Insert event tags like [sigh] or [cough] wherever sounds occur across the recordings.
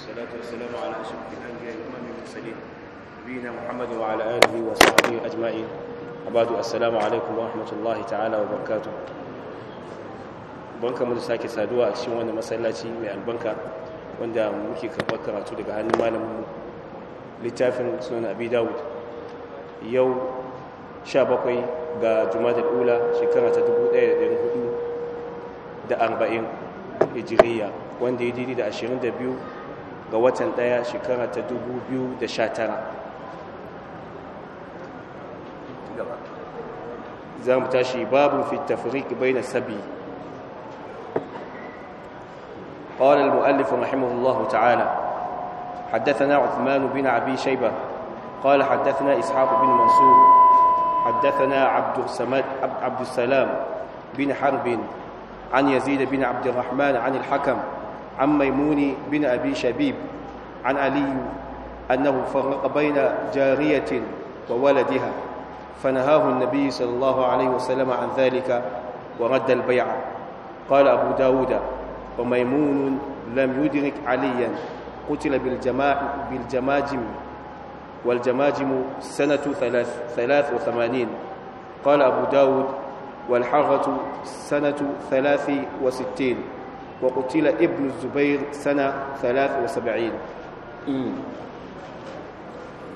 والصلاة والسلام على أشرف الأنبياء والأمم المرسلين نبينا محمد وعلى آله وصحبه أجمعين وبعد السلام عليكم ورحمة الله تعالى وبركاته banka mu sake saduwa a cikin wannan masallaci mai albanka wanda muke karɓar karatu daga hannun malamin littafin sunan abi dawud yau 17 ga jumadar ula shekara ta 1440 hijiriya wanda ya didi da 22 ga watan daya shekara ta 2019 za mu tashi babu fi tafriq bayna sabi قال المؤلف رحمه الله تعالى حدثنا عثمان بن عبي شيبة قال حدثنا إسحاق بن منصور حدثنا عبد السمد عبد السلام بن حرب عن يزيد بن عبد الرحمن عن الحكم عن ميمون بن أبي شبيب عن علي أنه فرق بين جارية وولدها فنهاه النبي صلى الله عليه وسلم عن ذلك ورد البيع قال أبو داود وميمون لم يدرك عليا قتل بالجماجم والجماجم سنة ثلاث, ثلاث وثمانين قال أبو داود والحرة سنة ثلاث وستين وقتل ابن الزبير سنة ثلاث وسبعين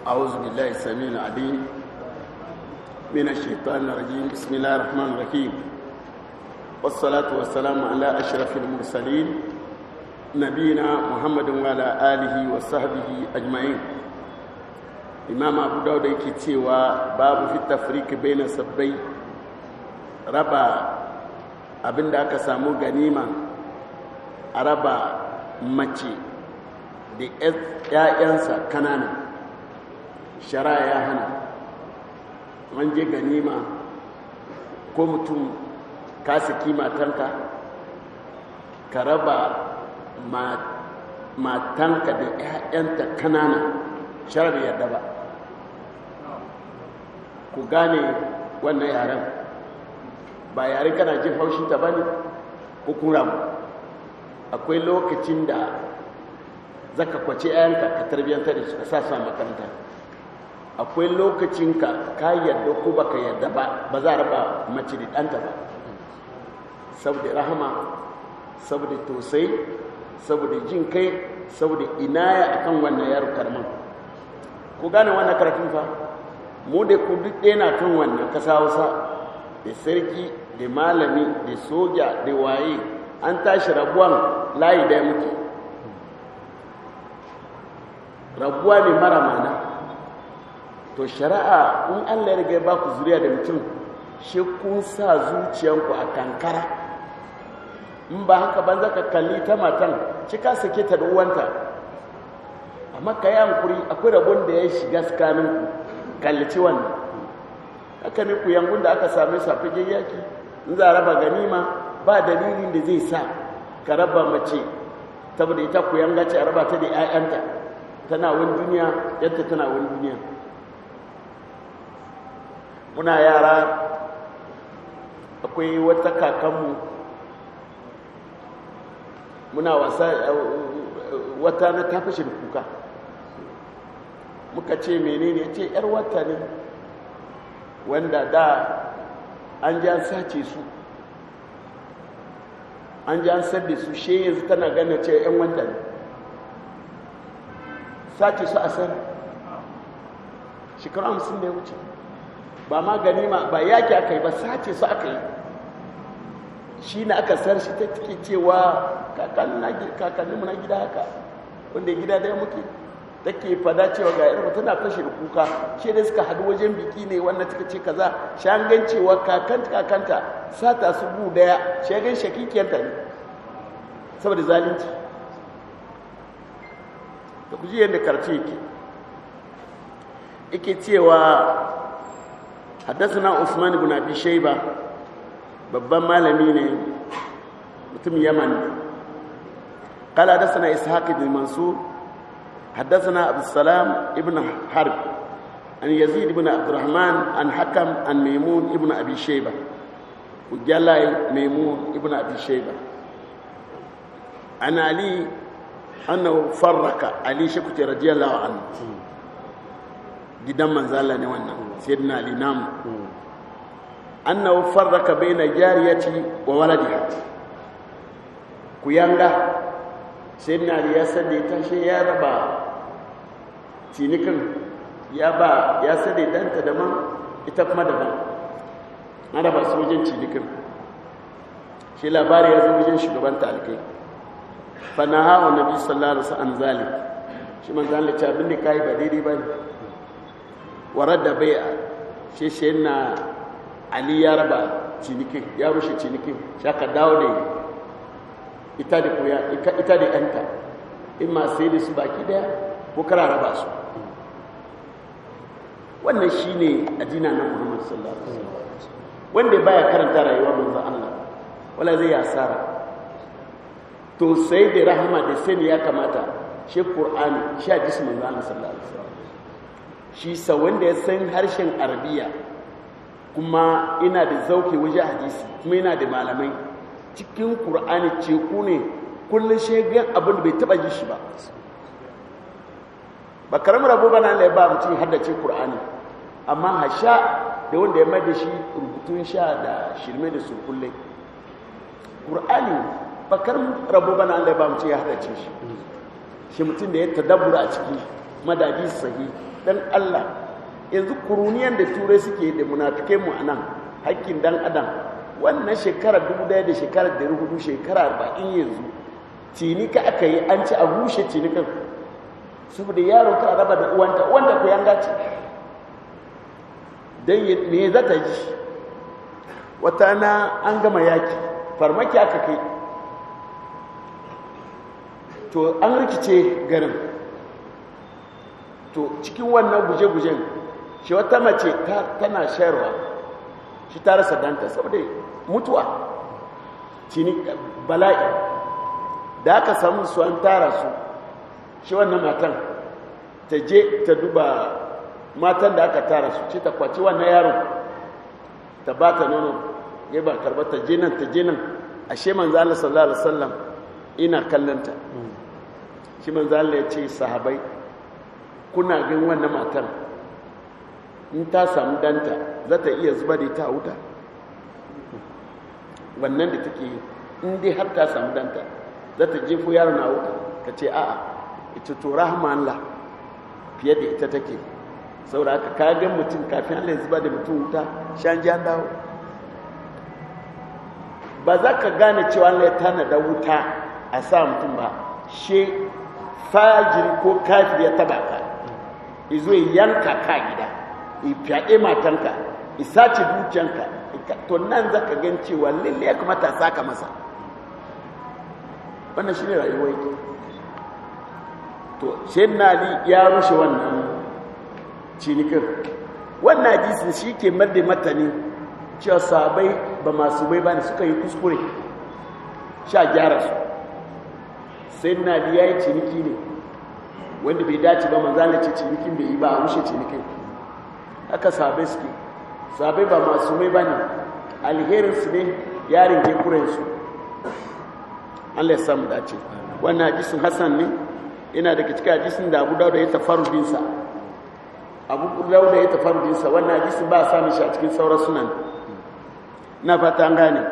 أعوذ بالله السميع العليم من الشيطان الرجيم بسم الله الرحمن الرحيم والصلاة والسلام على أشرف المرسلين نبينا محمد وعلى آله وصحبه أجمعين إمام أبو داود يكتوى باب في التفريق بين السبي ربا abinda aka samu ganima a raba mace da ‘ya'yansa kanana shara ya hana an je ganima ko mutum ka saki matanka ka raba matanka da ‘ya'yanta kanana da yadda ba ku gane wannan yaren ba yare kana jin haushinta ba ne ko akwai lokacin da zaka kwace ayanka ka tarbiyyanta da su ka sa su makaranta akwai lokacin ka ka yarda ko ba ka yarda ba ba za a raba mace da ɗanta ba saboda rahama saboda tosai saboda jin kai saboda inaya akan wannan yaro karman ku gane wannan karatun fa mu da ku duk ɗaya na kan wannan kasa hausa da sarki da malami da soja da waye an tashi rabuwan layi ya mutu rabuwa ne mara mana to shari'a in allah ya riga ba ku zuriya da mutum shi kun sa zuciyanku a kankara in ba haka ban zaka kalli ta matan cika sake ta da uwanta amma ka yi hankuri akwai rabon da ya shiga tsakanin kallici wannan haka ne ku yangun da aka sami su a yaki in za a raba ganima ba dalilin da zai sa ka raba mace saboda ita yanga ce a raba ta da 'ya'yanta tana wani duniya yadda tana wani duniya muna yara akwai wata kakanmu muna wasa wata na ta fashe kuka muka ce menene ya ce 'yar wata ne wanda da an ja sace su an ji an sabbe su she yanzu tana gane ce 'yan wanda ne sace su a san shekaru hamsin da ya wuce ba ma ma ba yaki aka yi ba sace su aka yi shi na aka sar shi ta cike cewa kakannin mu na gida haka wanda gida ya muke take fada cewa ga yarfa tana kashe da kuka shi da suka hadu wajen biki ne wannan suka ce kaza gan cewa kakanta kakanta sata su bu daya shakikiyar ta ne saboda zalunci da ku ji yadda karce yake yake cewa haddasa usman ibn abi shaiba babban malami ne mutum yaman قال حدثنا اسحاق بن منصور حدثنا أبو السلام ابن حرب عن يزيد بن عبد الرحمن عن حكم عن ميمون ابن أبي شيبة وجلاي ميمون ابن أبي شيبة عن علي أنه فرق علي شكوتي رضي الله عنه gidan manzala ne wannan sayyidina ali namu annahu farraka baina jariyati wa waladiha ku yanga sayyidina ali ya sanda ta ya raba cinikin ya ba ya sade danta daban ita kuma daban ana ba su wajen cinikin shi labari ya zama wajen shugaban talikai fanaha na nabi sallara su an zali shi ma zali ce abin da kayi ba daidai ba ne warada bai shi shi na ali ya raba cinikin ya rushe cinikin ka dawo da ita da kuya ita da yanta in ma sai da su baki daya ko kara raba su wannan shi shine addina na Muhammad sallallahu alaihi wasallam wanda baya karanta rayuwar manzo Allah wala zai asara to sai da rahama da sani ya kamata shi Qur'ani shi hadisi manzo Allah sallallahu alaihi shi sa wanda ya san harshen Arabiya kuma ina da zauke waje hadisi kuma ina da malamai cikin Qur'ani ce ku ne kullum shi ga abin da bai taba ji shi ba ba karamin rabo bana na ya ba mutum haddace Qur'ani amma hasha da wanda ya maida shi rubutun sha da shirme da surkulle Qur'ani ba karamin rabo bana na ya ba mutum ya haddace shi shi mutum da ya tadabbura a ciki madadi sahi dan Allah yanzu kuruniyan da turai suke da munafikai mu anan hakkin dan adam wannan shekara dubu daya da shekara 400 shekara 40 yanzu ka aka yi an ci a rushe cinikan saboda yaro ka raba da uwanta wanda ku yanga ce dan me za ta ji wata na an gama yaki farmaki aka kai to an rikice garin to cikin wannan guje-gujen shi wata mace tana shayarwa shi ta rasa danta saboda mutuwa cini bala'i da aka samu su an tara su shi wannan matan ta je ta duba matan da aka tara su ce ta kwaci wannan yaron ta ba ta nuna ya ba karba ta je nan ta je nan ashe manzo Allah sallallahu alaihi wasallam ina kallanta shi manzo Allah ya ce sahabai kuna gan wannan matan in ta samu danta za ta iya zuba da ta wuta wannan da take yi in dai har ta samu danta za ta jefo yaron a wuta ka ce a'a ita to rahama Allah fiye da ita take saboda haka kagan mutum kafin Allah ya zuba da mutum wuta shan ji an dawo ba za ka gane cewa Allah ya tanada wuta a sa mutum ba she fajiri ko kafin ya taba ka izo yanka ka gida ifyaɗe matanka isace dukiyanka to nan za ka gan cewa lalle ya kamata sa saka masa wannan shi ne rayuwar to na ali ya rushe wannan cinikin wannan hadisin shi ke marde matani cewa sabai ba masu bai bane suka yi kuskure sha gyara su na ali ya yi ciniki ne wanda bai dace ba manzana ce cinikin bai yi ba a rushe cinikin haka sabai suke sabai ba masu mai ba ne alherinsu ne yarin su allah ya samu dace wannan hadisin hassan ne yana daga cikin hadisin da abu dauda ya tafarudinsa abu dauda ya tafarudinsa wannan hadisin ba a sami shi a cikin sauran sunan na fata gane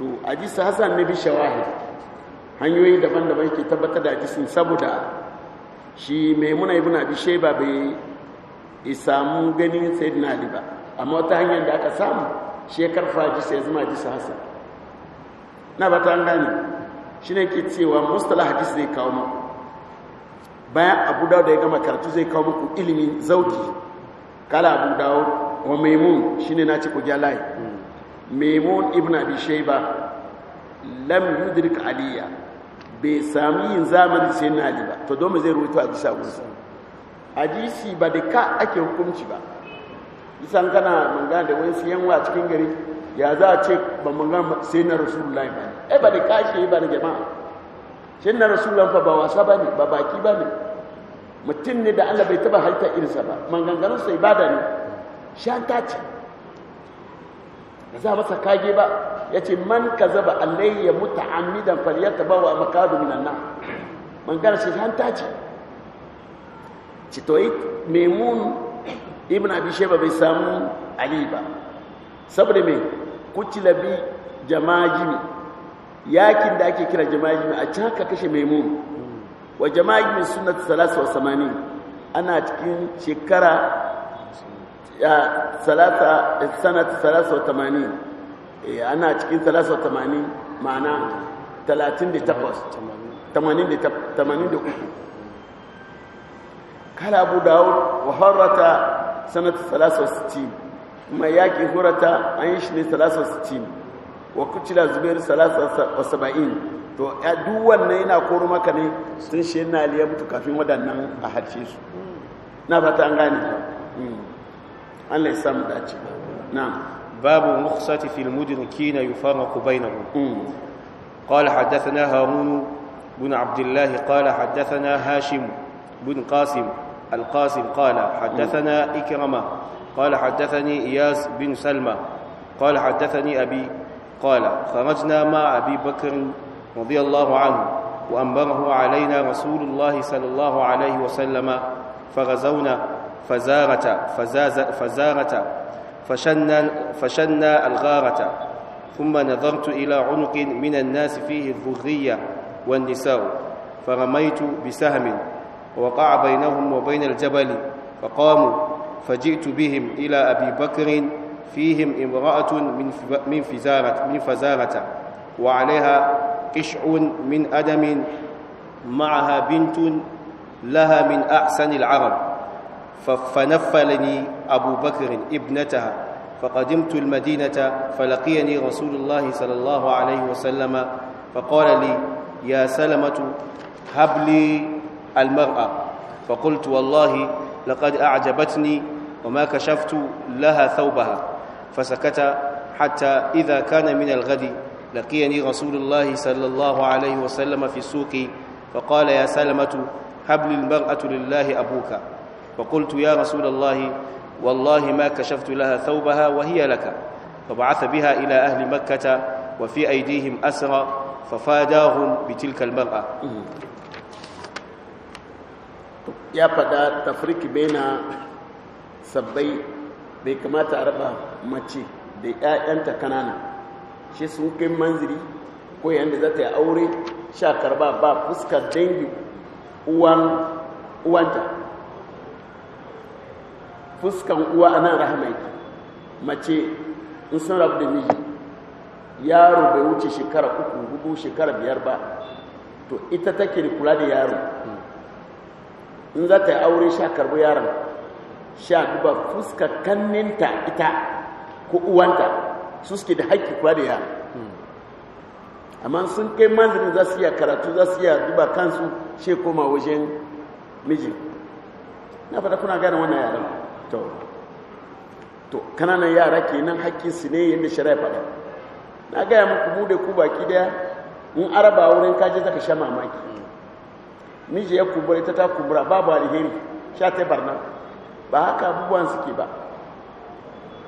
to hadisin hasan ne bi wahid hanyoyi daban-daban ke tabbatar da hadisin saboda shi mai muna ibn bishe ba bai isamu ganin dina ali ba amma wata hanyar da aka samu shi ya karfa hadisin ya zama hadisin hasan na fata gane shi ne ke cewa mustala hadis zai kawo mako bayan abu dawo da ya gama karatu zai kawo muku ilimin zauki kala abu dawo wa maimun shi ne na ci ku gyalaye maimun ibn abi shaiba lam yudrik aliya bai sami yin zamani sai na ali ba to domin zai rubuta a bisa gusa jisi ba da ka ake hukunci ba isan kana manga da wani siyan wa cikin gari ya za a ce ba manga sai na rasulullahi ba ne eh, ba da ka shi ba da jama'a shi na rasulun fa ba wasa ba ne ba baki ba ne mutum ne da allah bai taba halitta irinsa ba maganganunsa ibada ne shanta ce za masa kage ba ya ce man ka zaba alayya muta amidan faliyarta ba wa makadu minan na manganar shi shanta ce yi memun ibn abishe ba bai samu ali ba saboda mai kucilabi jama'a jini. yakin da ake kira jama'i a can haka kashe maimun wa jama'ijin suna salasa wa samani ana cikin shekara salata sanata salasa wa tamani eh, ana cikin salasa wa tamani ma'ana talatin da da 83 kala abu dawo wa harrata sanata salasa wa sitin kuma yakin hurata an yi shi ne salasa wa sitin wa kucila zubair salasa wa saba'in to ya duwan wannan yana koro maka ne sun shi yana aliya mutu kafin waɗannan a harshe su na fata an gane hmm. an ya samu dace na'am باب المخصة في المدركين يفرق بينهم قال حدثنا هارون bin abdullahi. الله قال حدثنا هاشم بن قاسم القاسم قال حدثنا إكرمة قال حدثني إياس بن سلمة قال حدثني أبي قال خرجنا مع أبي بكر رضي الله عنه وأنبره علينا رسول الله صلى الله عليه وسلم فغزونا فزارة فزازة فزارة فشنا, فشنا الغارة ثم نظرت إلى عنق من الناس فيه الذرية والنساء فرميت بسهم ووقع بينهم وبين الجبل فقاموا فجئت بهم إلى أبي بكر فيهم امرأة من فزارة من فزارة وعليها قشع من أدم معها بنت لها من أحسن العرب فنفلني أبو بكر ابنتها فقدمت المدينة فلقيني رسول الله صلى الله عليه وسلم فقال لي يا سلمة هب لي المرأة فقلت والله لقد أعجبتني وما كشفت لها ثوبها فسكت حتى إذا كان من الغد لقيني رسول الله صلى الله عليه وسلم في السوق فقال يا سلمة هب المرأة لله أبوك فقلت يا رسول الله والله ما كشفت لها ثوبها وهي لك فبعث بها إلى أهل مكة وفي أيديهم أسرى ففاداهم بتلك المرأة يا فدا تفريق بين سبي بكما تعرفها mace da 'ya'yanta kanana shi sun kai manziri ko yadda za ta yi aure sha karba ba fuskar dangi uwanta fuskan uwa a nan rahama yake mace in sun rabu da miji yaro bai wuce shekara uku hudu shekara biyar ba to ita take da kula da yaro in za ta yi aure sha karbi yaron sha duba fuskar kanninta ita ko uwanta su suke da haƙƙi kuwa da yara amma sun kai manzirin za su iya karatu za su iya duba kansu shi koma wajen miji na fata kuna gane wannan yaran to to kananan yara kenan haƙƙin su ne yadda shari'a faɗa na gaya muku bude ku baki daya in araba wurin kaje zaka sha mamaki miji ya kubura ita ta kubura babu alheri sha ta barna ba haka abubuwan suke ba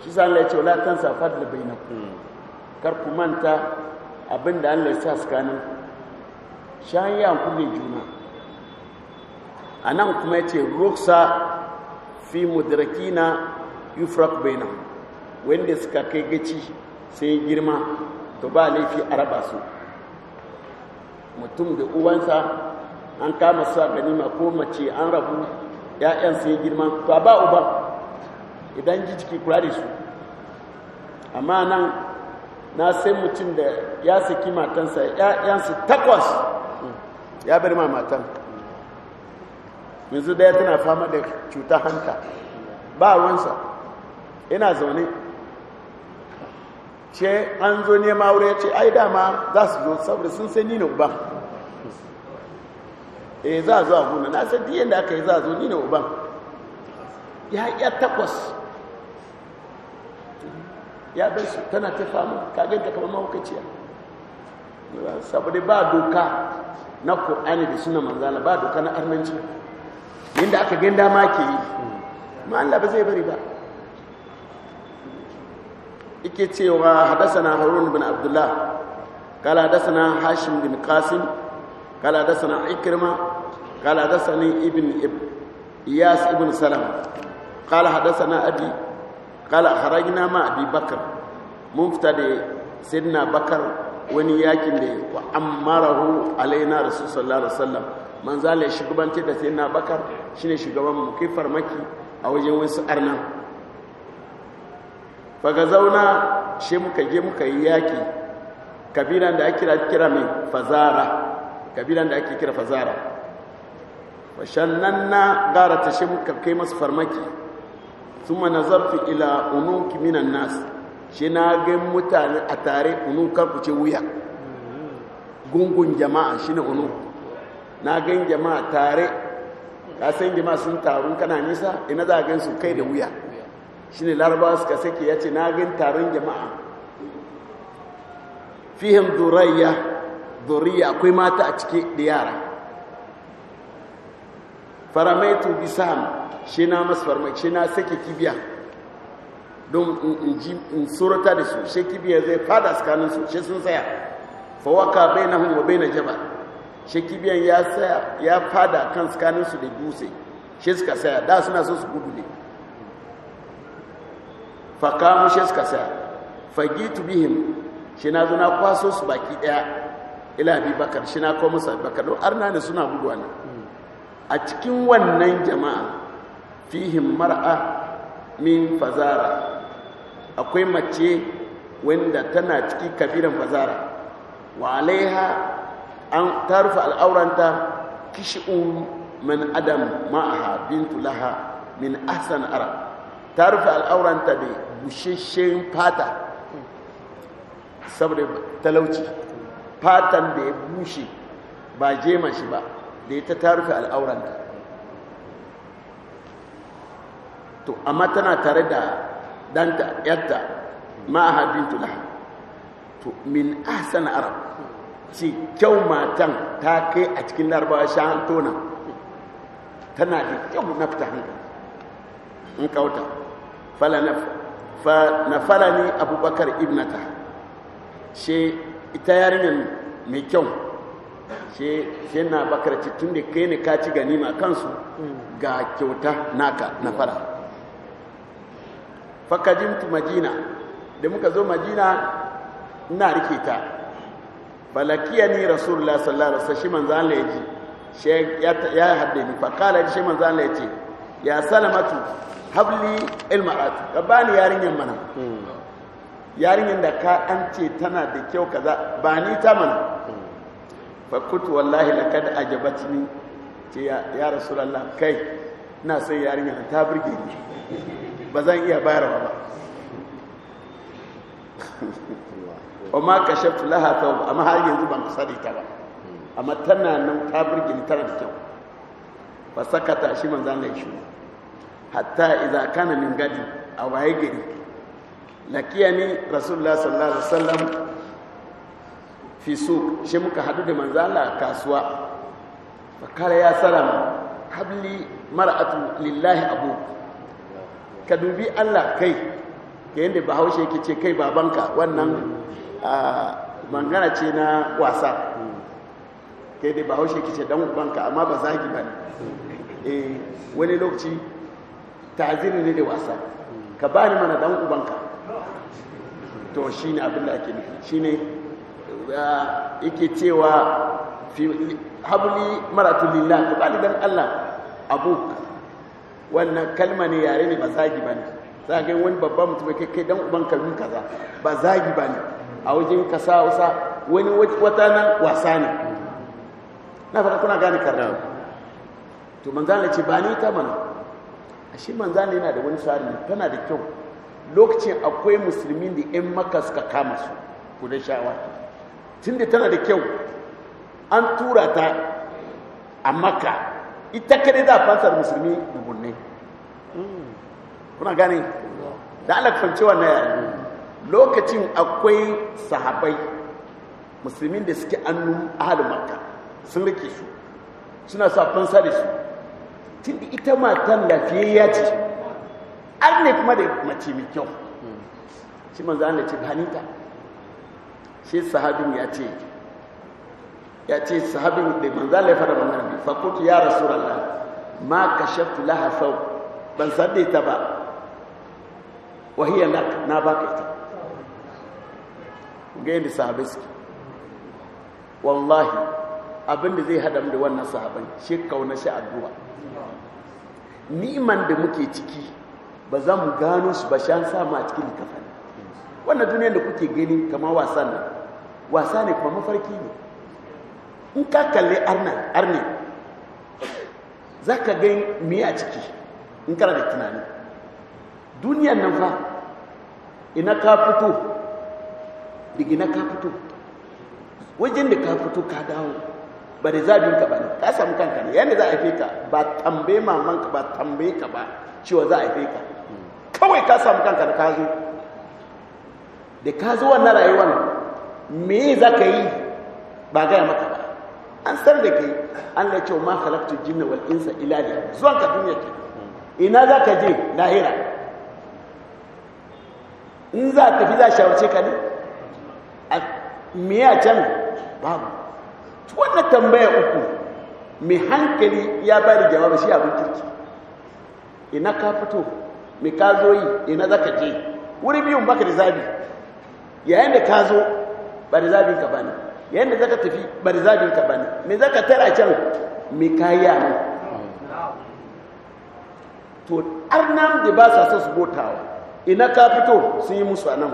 shi za a ya ce wala tansa fadl bainakum hmm. ku manta abinda an ya sa tsakanin shayi an kulle juna a nan kuma ya ce ruksa fi mudrakina yufrak bainahum wanda suka kai gaci sai girma to ba laifi a raba su mutum da uwansa an kama su a ganima ko mace an rabu ya'yan sai girma to ba uban idan ji jiki kula da su amma nan na sai mutum da ya saki matansa ‘ya'yansu takwas ya bari ma matan yanzu daya tana fama da cuta hanta ba ruwansa ina zaune ce an zo nema wuri ya ce ai dama za su zo saboda sun sai nina uban e eh, za a zo a guna na sai diyan da aka yi za a zo nina uban ya takwas ya bai su tana ta fama kaganta kamar mahaukaciya saboda ba doka na ƙo'ani da suna manzana ba doka na arnanci yadda aka ganda ma ke yi ma ba zai bari ba ike cewa na harun bin abdullah kala na hashim bin kasim kala na ikirma kala hadasana ibn iyas ibn salam kala na abi kala harajina ma abi bakar mun fita da sayyidina bakar wani yakin da wa ammarahu alaina rasul sallallahu alaihi shugabanci da sayyidina bakar shine shugaban mu kai farmaki a wajen wasu arnan faga zauna yaki kabilan da ake kira kira mai fazara kabilan na gara ta shi muka kai masu farmaki suma zafi ila unuki minan nas shi na gan mutane a tare unu karkuce wuya gungun jama'a ne unu na gan jama'a tare ka san jama'a sun taru kana nisa ina za gan su kai da wuya shi ne larabawa suka sake yace na gan taron jama'a fihim durayya duriya akwai mata a cike da yara faramaitu bi shi na masu farmaki shi na sake kibiya don in surata da su shi kibiya zai fada tsakanin su shi sun tsaya fawaka bai na hun bai na jaba shi kibiyan ya tsaya ya fada kan tsakanin su da dutse shi suka tsaya da suna so su gudu ne fakamu shi suka tsaya fagitu bihim shi na zuna na kwaso su baki daya ila bi bakar shi na kawo bakar don arna ne suna guduwa ne. a cikin wannan jama'a fihim mar'a min fazara akwai mace wanda tana ciki kabiran fazara wa alaiha an tarfa al'auranta uru man adam ma'aha bintu laha min ahsan ara tarfa al'auranta da busheshen fata saboda talauci fatan da ya bushe ba jema shi ba da ita ta rufe al'auranta to amma tana tare da danta yatta ma'aha bintu lahab to min ahsan arab ci kyau matan ta kai a cikin larabawa shan tona tana da kyau na fita hankali in kauta na fala ne abubakar ibnata she ita yarinyar mai kyau she she na bakar tun da kai ne ka ci ganima kansu ga kyauta naka na fara tu madina da muka zo madina ina rike ta balakiya ni rasulullah sallallahu alaihi wasallam shi manzo Allah ya ji she ya hadde ni fakala shi manzo Allah ya ce ya salamatu habli ilma'at ka bani yarinyan mana hmm. yarinyan da ka an ce tana da kyau kaza ba ni ta mana hmm. fakutu wallahi na kada a jabat ne ce ya rasulallah kai na sai yarinya ta birge ni ba zan iya bayarwa ba ma ka shafi lahata ba. amma har yanzu ban kusa da ta ba amma tana nan ta birge ni tara da kyau ba sakata shi manzan lai shi hatta iza kana min gadi a waye gari lakiyani rasulullah sallallahu alaihi wasallam fi so shi muka hadu da manzala Allah kasuwa ba kala ya salama habli mar'atu lillahi abu ka dubi Allah kai ga yadda bahaushe yake ce kai babanka wannan mangana ce na wasa ga yadda bahaushe yake ce dan ubanka amma ba zagi ba ne eh, wani lokaci ta'aziri ne da wasa ka bani mana dan ubanka to ne abin da ake nufi ne. Uh, yake cewa habli maratu lillah to Allah abuk wannan kalma ne yare ne ba zagi ba ne za ga wani babban mutum kai kai dan uban kalmin kaza ba zagi ba ne a wajen kasa wasa wani wata nan wasa ne na fata kuna gane karatu to manzana ce ba ni ta mana a shi manzana yana da wani tsari tana da kyau lokacin akwai musulmin da 'yan makas suka kama su kudin shawar. da tana da kyau an tura ta a maka ita kadai za a fansar musulmi mugunne kuna gane da na wannan lokacin akwai sahabai musulmin da suke annu ahalin maka sun rike su suna sa fansa da su da ita matan ya ce an ne kuma da mace mai kyau shi manzana da ce sai sahabin ya ce ya ce sahabin da manzala ya fara wannan bi fakultu ya rasulallah ma kashaftu laha sau ban sadde ta ba wahiyar lak na baka ita ga yadda sahabin suke wallahi abinda zai hada da wannan sahabin shi kauna shi addu'a niman da muke ciki ba za mu gano su ba shan sama a cikin kafa wannan duniyar da kuke gani kamar wasan nan wasa ne kuma mafarki ne in ka kalli arni za ka gai miya ciki in kara da tunani duniyan nan fa ina ka fito daga ina ka fito wajen da ka fito ka dawo ba da zabinka ba ne ka samu kanka ne yadda za a ka ba tambaye mamanka ba tambaye ka ba cewa za a haife ka kawai ka samu kanka da ka zo da ka zo wannan rayuwar me za ka yi ba gaya maka ba an sar da ke an da cewa ma halatta jinna wal insa ila da zuwan ka duniya ke ina za ka je lahira in za ka fi za a shawarce ka ne a miya can babu wannan tambaya uku mai hankali ya ba da jawabi shi abin kirki ina ka fito mai ka zo yi ina za ka je wuri biyun baka da zabi yayin da ka zo ba ka bane yanda zaka tafi ba ka bane me zaka tara can me kayi ne to arnam da ba sa so su botawa ina ka fito sun yi musu anan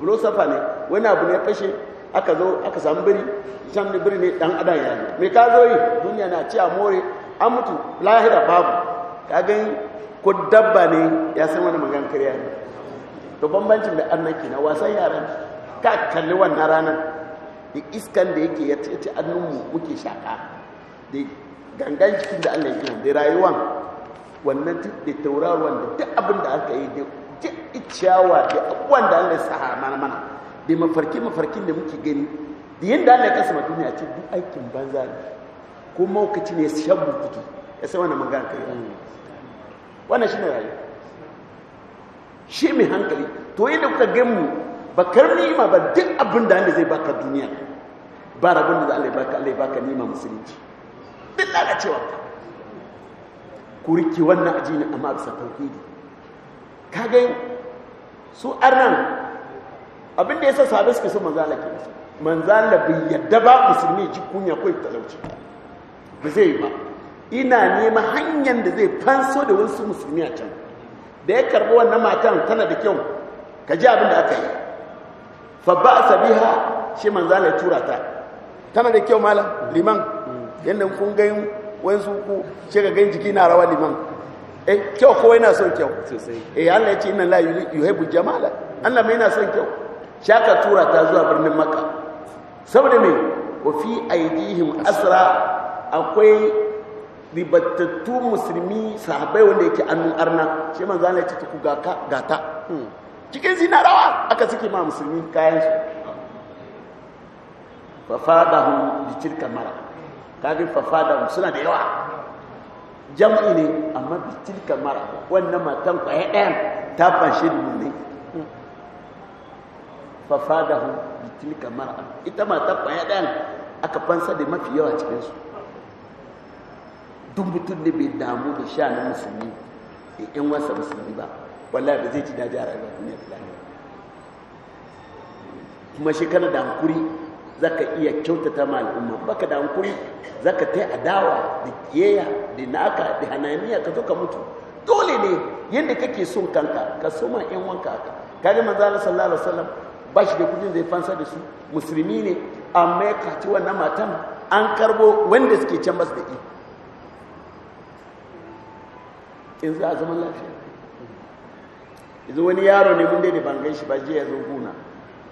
ne wani abu ne fashe aka zo aka samu biri can da biri ne dan adam ya ne me ka zo yi duniya na ci a more an mutu lahira babu ka gani ko dabba ne ya san wani magan kariya ne to bambancin da annaki na wasan yaran ka kalli wannan ranar da iskan da yake ya ce annunmu muke shaƙa, da gangan cikin da Allah yake da rayuwan wannan da tauraruwan da duk abin da aka yi da duk ciyawa da abubuwan da Allah sa mana mana da mafarki mafarkin da muke gani da yadda Allah ya kasa duniya ce duk aikin banza ne ko maukaci ne shan bukutu ya sai wannan magana kai wannan ne rayuwa shi mai hankali to yadda kuka gan mu ba karni ma ba duk abin da Allah zai baka duniya ba rabin da Allah ya baka Allah ya baka nima musulunci duk lalacewa ka ku rike wannan ajini amma bisa tauhidi kaga su arnan abin da yasa sahabbai suka san manzala ke musu manzala bai yadda ba musulmi ji kunya ko talauci ba zai yi ba ina nema hanyar da zai fanso da wasu musulmi a can da ya karɓi wannan matan tana da kyau ka ji abin da aka yi fa ba ha shi manzo Allah ya tura ta tana da kyau malam liman yadda kun ga wani ku shi ga gani jiki na rawa liman eh kyau ko na son kyau sosai eh Allah ya ce inna la haibu jamala Allah mai na son kyau shaka tura ta zuwa birnin maka saboda me wa fi aidihim asra akwai ribattattu musulmi sahabai wanda yake annun arna shi manzo Allah ya ce ku gata cikin zinarawa aka suke ma musulmi kayan su fafadahum bi tilka mara kafin hun suna da yawa jam'i ne amma bi tilka mara wannan matan kwaye ɗayan ta da dubunai fafadahum bi tilka mara ita matan kwaye ɗayan aka fansa da mafi yawa cikin su duk mutum bai damu da sha na musulmi da yan wasa musulmi ba wallahi ba zai ci daji a rayuwar duniya da lahira kuma shi kana da hankuri ka iya kyautata ma al'umma baka da hankuri zaka ta adawa da kiyaya da naka da hananiya ka zo ka mutu dole ne yadda kake son kanka ka so ma yan wanka haka kaga manzo Allah sallallahu alaihi wasallam ba shi da kudin zai fansa da su musulmi ne amma ya kaci wannan matan an karbo wanda suke can basu da in za a zaman lafiya yanzu wani yaro ne mun dai da ban gan shi ba je ya zo kuna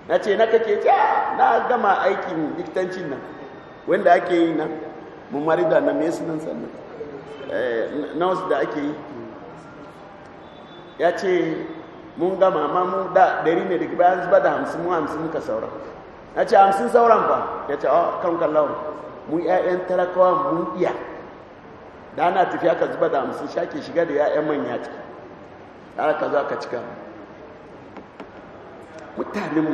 na ce na kake ce na gama aikin likitancin nan wanda ake yi nan mu mari da na mai nan sannan eh, nausu da ake yi ya ce mun gama ma mu da dari ne daga bayan zuba da hamsin mu hamsin muka saura na ce hamsin sauran ba ya ce a oh, kan kallon mu 'ya'yan talakawa mun iya da ana tafiya ka zuba da hamsin shake shiga da 'ya'yan manya ciki haka za ka cika mutane mu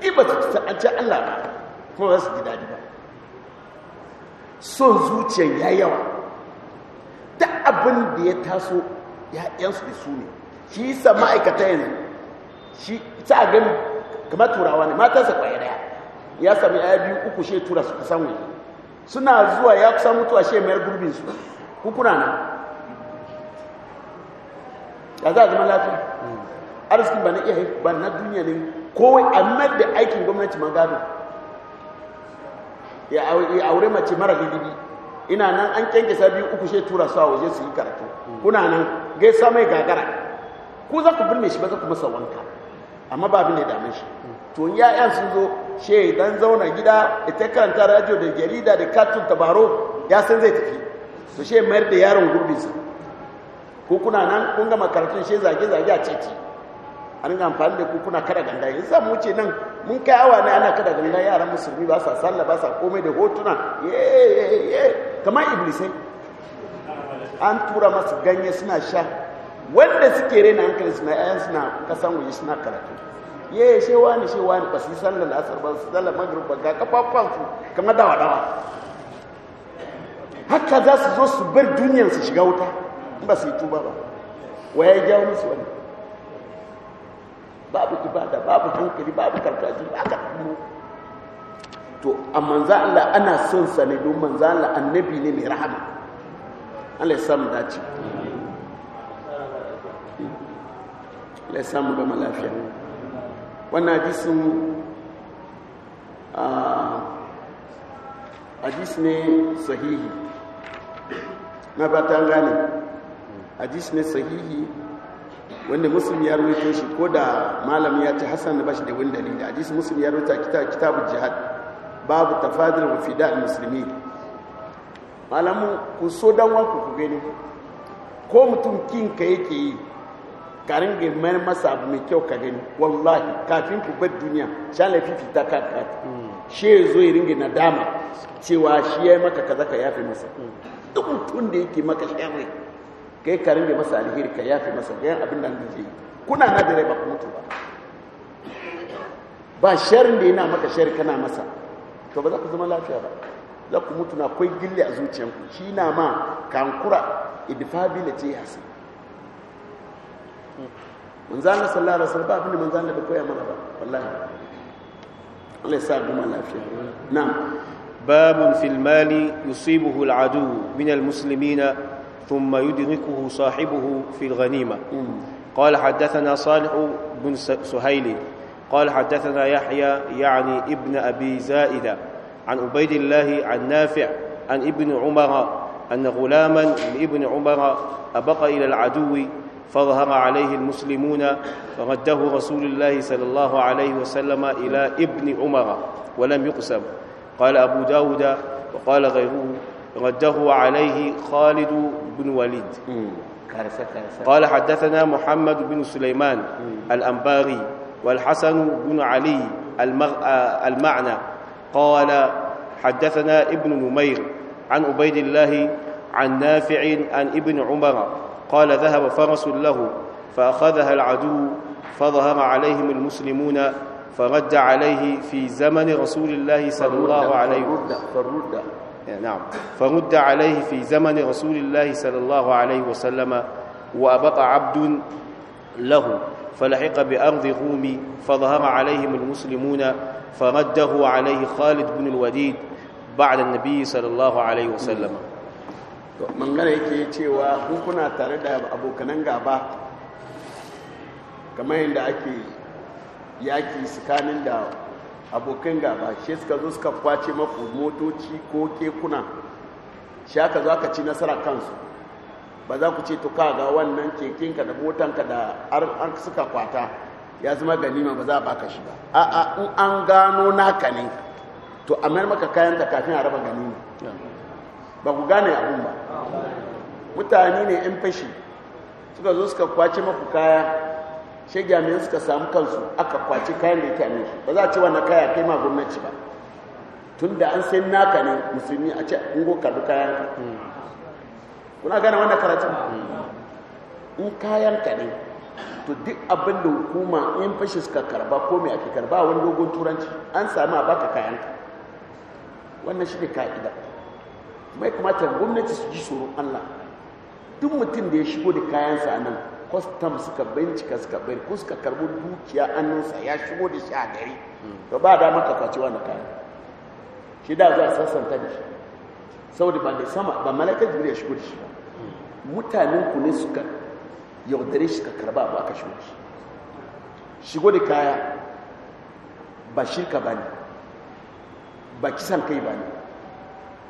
in ba su san an ce Allah ba kuma za su ba son zuciyar ya yawa ta abin da ya taso ya'yansu da su ne shi sa ma'aikata yanzu shi ta gani kamar turawa ne matansa kwaya daya ya sami ya biyu uku ya tura su kusan waje suna zuwa ya kusan mutuwa ya mayar gurbinsu hukuna na ya za a zama lafiya arzikin ba na iya haifu ba na duniya ne kowai amma da aikin gwamnati ma gado ya aure mace mara lidibi ina nan an kyanke sabi uku she tura su a waje su yi karatu kuna nan gai mai gagara ku za ku binne shi ba za ku masa wanka amma babu ne damun shi to ya'yan sun zo she dan zauna gida ita karanta radio da jarida da katun tabaro ya san zai tafi to she mayar da yaron gurbinsa Kukuna nan kun ga makarantun shi zage zage a ceci, an ga amfani da kukuna kada ganga yanzu za mu wuce nan mun kai awa ne ana kada ganga yaran musulmi ba sa sallah ba sa komai da hotuna ye kamar iblisai an tura masu ganye suna sha wanda suke rena hankali suna ayan suna kasan waje suna karatu ye shewa ne shewa ne ba su yi sallar asar ba su sallar magrib ga ga su kamar dawa dawa haka za su zo su bar duniyar su shiga wuta ba su yi tuba ba waya ya jawo musu wani babu ibada babu hankali babu karfaji ba ka kuma to a manza Allah ana son sa ne don manza Allah annabi ne mai rahama Allah ya samu dace Allah ya samu gama lafiya wannan hadisin ah, hadis ne sahihi na fatan gane hadisi ne sahihi wanda muslim ya rubuta shi ko da malami ya ce hassan ba shi da wani dalili hadisi muslim ya kita kitabu jihad babu tafadir wa fida al-muslimi malamu ku so dan wanku ku gani ko mutum kin ka yake yi karin ga mai masa abu mai kyau ka gani wallahi kafin ku bar duniya sha lafi fita ka ka hmm. she zo ya ringa nadama cewa shi ya yi maka kaza ka yafe masa hmm. duk mutum da yake maka sharri kai karin da masa alheri ka yafi masa ga abin da nan yi kuna na da rai ba ku mutu ba ba sharin da yana maka shari kana masa to ba za ku zama lafiya ba za ku mutu na kwai gilli a zuciyanku shi na ma kankura idfabila ce mun za na sallallahu alaihi wasallam ba abin da na da koya mana ba wallahi Allah ya sa goma lafiya na'am babun fil mali yusibuhu al'adu min al-muslimina ثم يدركه صاحبه في الغنيمة قال حدثنا صالح بن سهيل قال حدثنا يحيى يعني ابن أبي زائدة عن عبيد الله عن نافع عن ابن عمر أن غلاما لابن عمر أبق إلى العدو فظهر عليه المسلمون فرده رسول الله صلى الله عليه وسلم إلى ابن عمر ولم يقسم قال أبو داود وقال غيره رده عليه خالد بن وليد قال حدثنا محمد بن سليمان الأنباري والحسن بن علي آه، المعنى قال حدثنا ابن نمير عن عبيد الله عن نافع عن ابن عمر قال ذهب فرس له فأخذها العدو فظهر عليهم المسلمون فرد عليه في زمن رسول الله صلى الله عليه وسلم نعم فرد عليه في زمن رسول الله صلى الله عليه وسلم وأبط عبد له فلحق بأرض الروم فظهر عليهم المسلمون فرده عليه خالد بن الوديد بعد النبي صلى الله عليه وسلم mangana yake cewa in kuna tare da abokanan gaba kamar yadda ake yaki tsakanin da abokan gaba shi suka zo suka kwace maku motoci ko kekuna shi aka zo aka ci nasara kansu ba za ku ce to ka ga wannan kekenka da motanka da an suka kwata ya zama ganima ba za a baka shi ba a'a in an gano naka ne to a mayar maka kayanta kafin a raba ganima ba ku gane abun ba mutane ne 'yan fashi suka zo suka kwace maku kaya shi jami'an suka samu kansu aka kwaci kayan da yake a shi ba za a ce wannan kaya kai ma gwamnati ba tun da an sai naka ne musulmi a ce ungo karbi kayan kuna gane wannan karatun in kayan ka ne to duk abin da hukuma in fashe suka karba ko mai ake karba wani dogon turanci an sami a baka kayan ka wannan shi ne ka'ida mai kamata gwamnati su ji tsoron allah duk mutum da ya shigo da kayansa a nan kwastam suka bincika suka bai kuska suka karbi dukiya annunsa ya shigo da shi a gari to ba da maka kwaci wani kayan shi da za a sassanta da shi saboda ba da sama ba malakar jibril ya shigo da shi ba mutanen ku ne suka yaudare shi ka karba ba aka shigo da shi shigo da kaya ba shirka ba ne ba kisan kai ba ne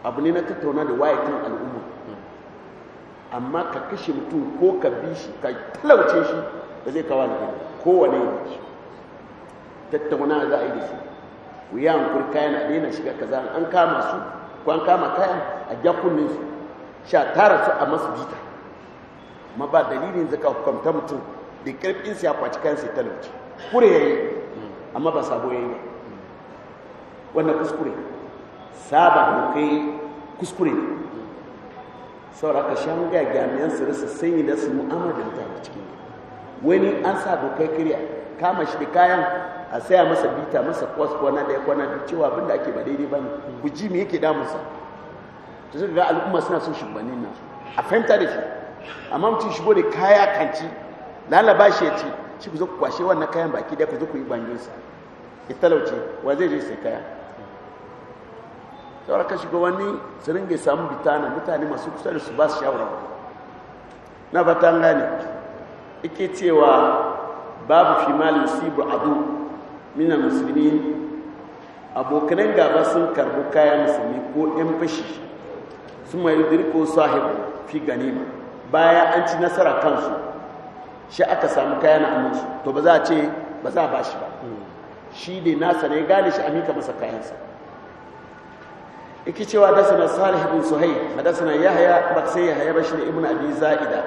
abu ne na tattauna da waye kan al'umma amma ka kashe mutum ko ka bi shi ka talauce shi ba zai kawo alheri kowane yi shi tattauna za a yi da su wuya yi kuri kayan a daina shiga ka kaza an kama su ko an kama kayan a jakunin su sha tara su a masu bita amma ba dalilin zaka hukamta mutum da karfin sa ya kwaci kayan sai talauci kure yayi amma ba sabo yayi ba wannan kuskure saba dokai kuskure sauraka shan ga jami'an su rasa sanyi da su mu'amalar da a cikin wani an sa dokai kiriya kama shi da kayan a saya masa bita masa kwas kwana daya kwana da cewa abinda ake ba daidai ba ne ku ji me yake damunsa ta sai ga al'umma suna son shugabannin nan a fahimta da shi amma mutum shigo da kaya kanci lalaba shi ya ce shi ku zo ku kwashe wannan kayan baki da ku zo ku yi banjinsa ya lauce wa zai je sai kaya shiga wani su ringa samu bitana mutane masu kusa da su ba su shawara na fatan gane ike cewa babu fi malin sibu adu mina musulmi abokanan gaba sun karbi kayan musulmi ko yan fashi su mai dirko sahibu fi gani baya an ci nasara kansu shi aka samu kayan aminsu to ba za a ce ba za a ba shi ba hmm. shi ne nasa ne gane shi amika masa kayansa iki cewa dasana salih bin suhay hadasana yahya ba sai yahya ba shine ibnu abi zaida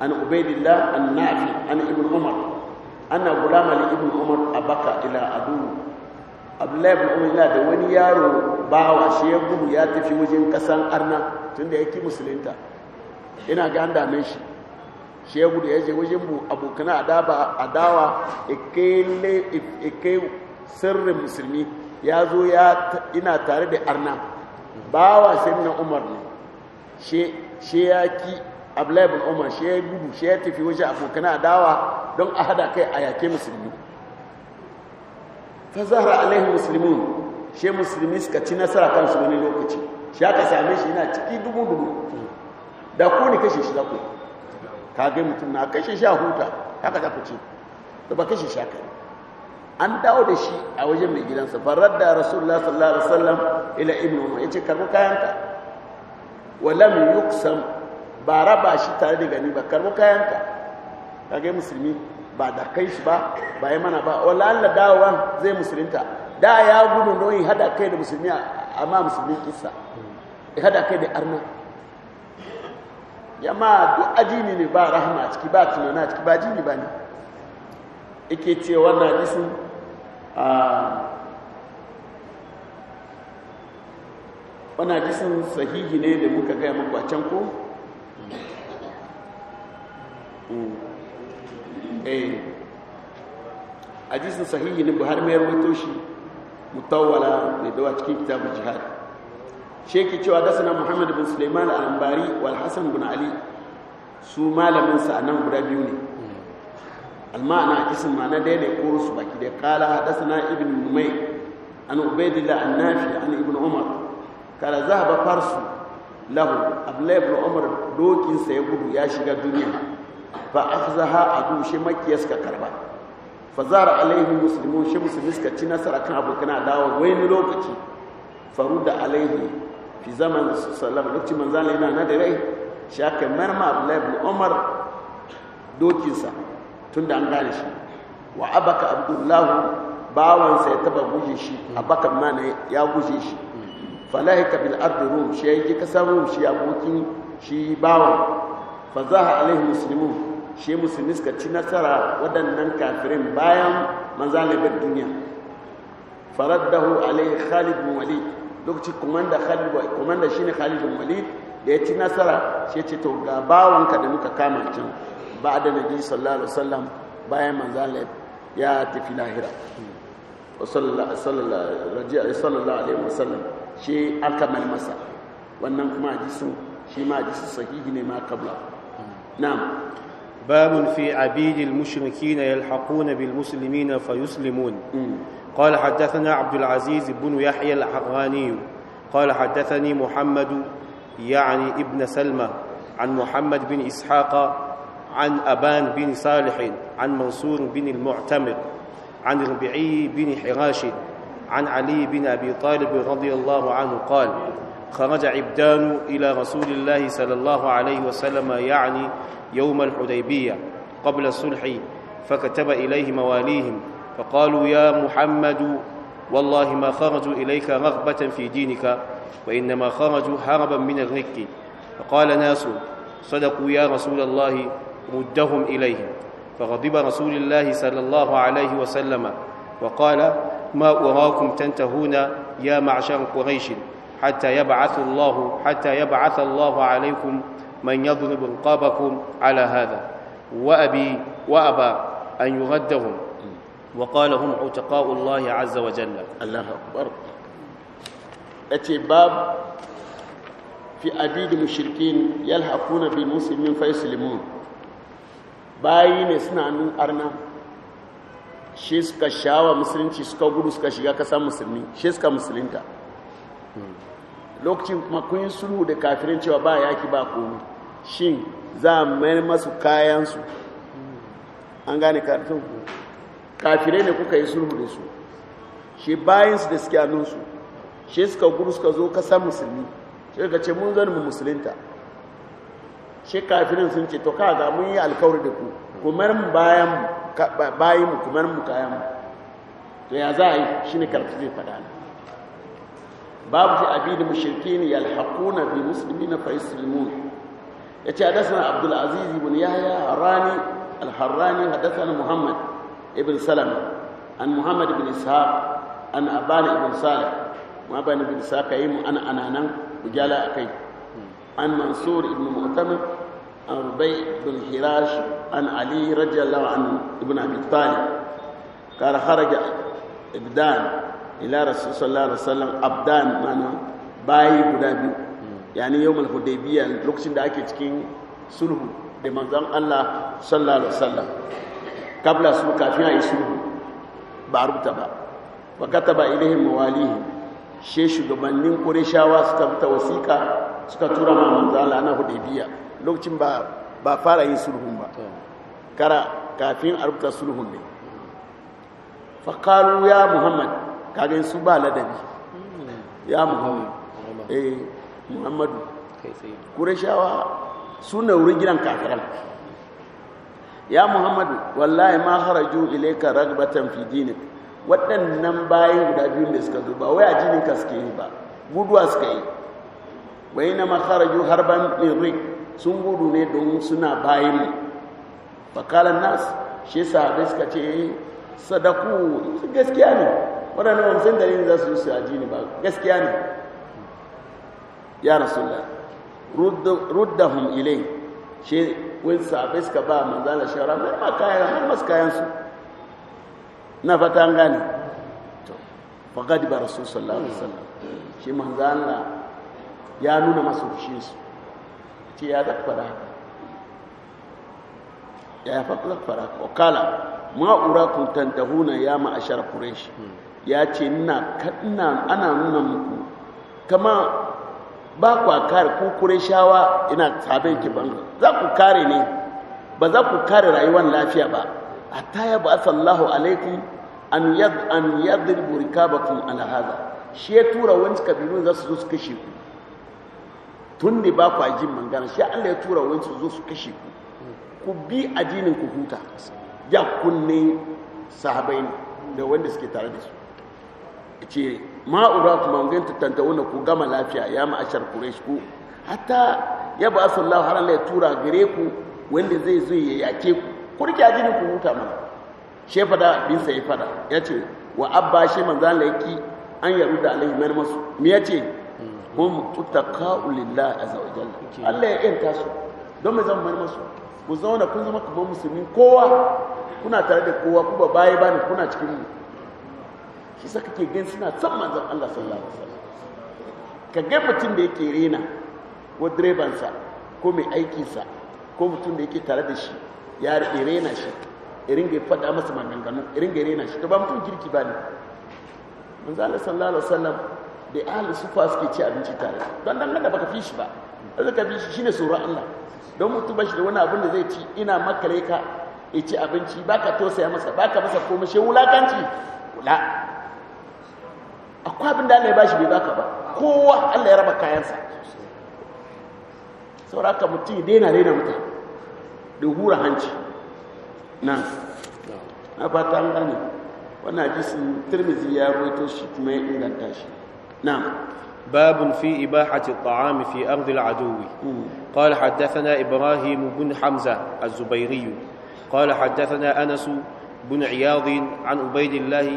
an ubaidillah an nafi an ibn umar anna gulama li ibn umar abaka ila adu abdullahi ibn umar da wani yaro bawa shi ya gudu ya tafi wajen kasan arna tunda yake musulunta ina ga an dame shi shi ya gudu ya je wajen mu abokan adaba adawa ikele ike sirrin musulmi ya zo ya ina tare da arna bawa sayyidina umar ne she ya ki abdullahi umar she ya gudu she ya tafi waje abokana dawa don a hada kai a yake musulmi ta zahara alaihi musulmin she musulmi suka ci nasara su wani lokaci shi aka same shi yana ciki dubu-dubu da ku ne kashe shi za ka gai mutum na kashe shi a huta haka za ku ci da ba kashe shi aka an dawo da shi a wajen mai gidansa farar da rasulullah sallallahu alaihi wasallam ila ibnu umar yace karbi kayanka walam yuksam ba raba shi tare da gani ba karbi kayanka kage musulmi ba da kai shi ba ba yi mana ba wala Allah dawowan zai musulunta da ya gudu noyi hada kai da musulmi amma musulmi kisa hada kai da arna yamma duk ajini ne ba rahama ciki ba tunana ciki ba jini ba ne ike ce wannan isu Ah. wani hadisin sahihi ne da muka gaya muku a can ko? Mm. eh hadisin sahihi ne buhari mai rawaito shi mutawala mai dawa cikin kitabun jihar. sheki cewa dasana muhammadu bin suleiman al-ambari wal hasan bin ali su malaminsa a nan guda biyu ne المعنى اسم معنى دين يقول سباكي قال حدثنا ابن نمي عن عبيد الله النافع عن ابن عمر قال ذهب فرس له أبلا ابن عمر دوكين سيقول يا شيخ الدنيا فأخذها عدو شمك يسكا كربا فزار عليه المسلمون شمس مسلمين suka ci nasara كنا abokan وين لوكتي فرد عليه في زمن zaman sallallahu من زال Allah ندري شاك da rai shaka marma Abdullah ibn tunda an gane shi wa abaka abdullahu sa ya taba guje shi abaka mana ya guje shi falahika bil ardi ruh shi yake kasar rum shi abokin shi bawan fazaha alaihi muslimu shi muslimi suka ci nasara waɗannan kafirin bayan manzalibar duniya faraddahu alaihi khalid bin walid lokaci kumanda khalid kumanda shine khalid bin walid da ya ci nasara shi ce to ga bawanka da muka kama can بعد النبي صلى الله عليه وسلم باي من ذلك ياتي في الاخره صلى الله عليه وسلم shi akamal masa wannan ما hadisin shi ما hadisin sahihi ما قبله نعم باب في عبيد المشركين يلحقون بالمسلمين فيسلمون قال حدثنا عبد العزيز بن يحيى الحقاني قال حدثني محمد يعني ابن سلمة عن محمد بن إسحاق عن أبان بن صالح عن منصور بن المعتمر عن ربعي بن حراش عن علي بن أبي طالب رضي الله عنه قال خرج عبدان إلى رسول الله صلى الله عليه وسلم يعني يوم الحديبية قبل الصلح فكتب إليه مواليهم فقالوا يا محمد والله ما خرجوا إليك رغبة في دينك وإنما خرجوا هربا من الرك فقال ناس صدقوا يا رسول الله ردهم إليهم فغضب رسول الله صلى الله عليه وسلم وقال ما أراكم تنتهون يا معشر قريش حتى يبعث الله حتى يبعث الله عليكم من يضرب رقابكم على هذا وأبي وأبى أن يردهم وقال هم عتقاء الله عز وجل الله أكبر أتي باب في أبيد المشركين يلحقون بالمسلمين فيسلمون bayi ne suna nun arna shi suka shawa musulunci suka gudu suka shiga kasa musulmi shi suka musulunta lokacin kuma kun yi sulhu da kafirin cewa ba yaki ba komi shi za a mayar masu kayansu an gane kartun ku kafirai ne kuka yi sulhu da su shi bayansu da suke annunsu shi suka gudu suka zo kasa musulmi shi ka ce mun zan mu musulunta shi kafirin sun ce to ga mun yi alkawari da ku kumar mu bayan mu bayin mu kumar mu kayan mu to ya za a yi shine karfi zai faɗa ne babu fi abidi mushrikin yalhaquna bi muslimina fa yuslimun yace hadathana abdul aziz ibn yahya harani alharani harrani hadathana muhammad ibn salama an muhammad ibn ishaq an abana ibn salih ma bani ibn ishaq yi mu ana ananan bujala akai عن منصور بن مؤتمر عن ربيع بن حراش عن علي رضي الله عنه ابن أبي طالب قال خرج إبدان إلى رسول صلى الله عليه وسلم أبدان معنى باي قدابي يعني يوم الحديبية لوكسين دا أكي سلوه da الله صلى الله عليه وسلم قبل su kafin a yi sulhu وكتب اليهم ba wa kataba قريشاوا mawalihim she suka tura ma manzo Allah na hudaibiya lokacin ba fara yin sulhun ba kara kafin a rubuta sulhun ne faqalu ya muhammad kage su ba ladabi hmm. ya muhammad eh muhammadu su na wurin gidan kafiran ya muhammadu wallahi ma haraju ka ragbatan fi dinik waɗannan bayan guda biyu da suka zo ba wai addinin ka suke yi ba guduwa suka yi bainama kharaju harban min sun gudu ne don suna bayan bakalan nasu shi sahabai suka ce sadaku gaskiya ne waɗanda ba san dalilin za su su aji ne ba gaskiya ne ya rasulullah ruddahum ile shi wani sahabai suka ba manzana shara mai ma kayan har masu kayan su na fata an gane faƙadi ba rasu sallallahu alaihi wasallam shi manzana ya nuna masu fushin su ce ya zaka fara haka ya zaka fara haka wakala ma'ura kun huna ya ma'ashar kureshi ya ce ina ana nuna muku kama ba ku a kare ko kureshawa ina sabon kiban za ku kare ne ba za ku kare rayuwar lafiya ba ta yi ba sallahu alaikun an yadda an bakin alhaza shi ya tura wani kabilun za su zo su kashe ku tun da ba ku jin mangana shi Allah ya tura wani su zo su kashe ku ku bi ajinin ku huta ya kunne sahabai da wanda suke tare da su ce ma'ura ku mangan tattanta wanda ku gama lafiya ya ma'ashar kuresh ku hatta ya ba su Allah har Allah ya tura gare ku wanda zai zo ya yake ku ku rike ajinin ku huta mana she fada bin sai fada ya ce wa abba shi manzan laiki an yaru da alaihi masu me ya ce hum utaqa'u lillahi azza wa jalla Allah ya yanta su don me zan bar masu ku zauna kun zama kamar musulmi kowa kuna tare da kowa ku ba baya bani kuna cikin mu shi saka ke gan suna san manzon Allah sallallahu alaihi ka ga mutum da yake rena ko direbansa ko mai aikinsa ko mutum da yake tare da shi ya rena shi irin ga faɗa masa maganganu irin ga rena shi to ba mutum kirki ba ne manzo da su sufa suke ci abinci tare don dan da baka fi shi ba zai ka fi shi shine tsoron Allah don mutum ba shi da wani abin da zai ci ina makale ka ya ci abinci baka tosaya masa baka masa komai shi wulakanci wula akwai abin da Allah ya bashi bai baka ba kowa Allah ya raba kayansa sauraka mutum ya daina daina mutane da hura hanci nan na fata an gane wannan hadisin turmizi ya ruwaito shi kuma ya inganta shi نعم باب في إباحة الطعام في أرض العدو قال حدثنا إبراهيم بن حمزة الزبيري قال حدثنا أنس بن عياض عن عبيد الله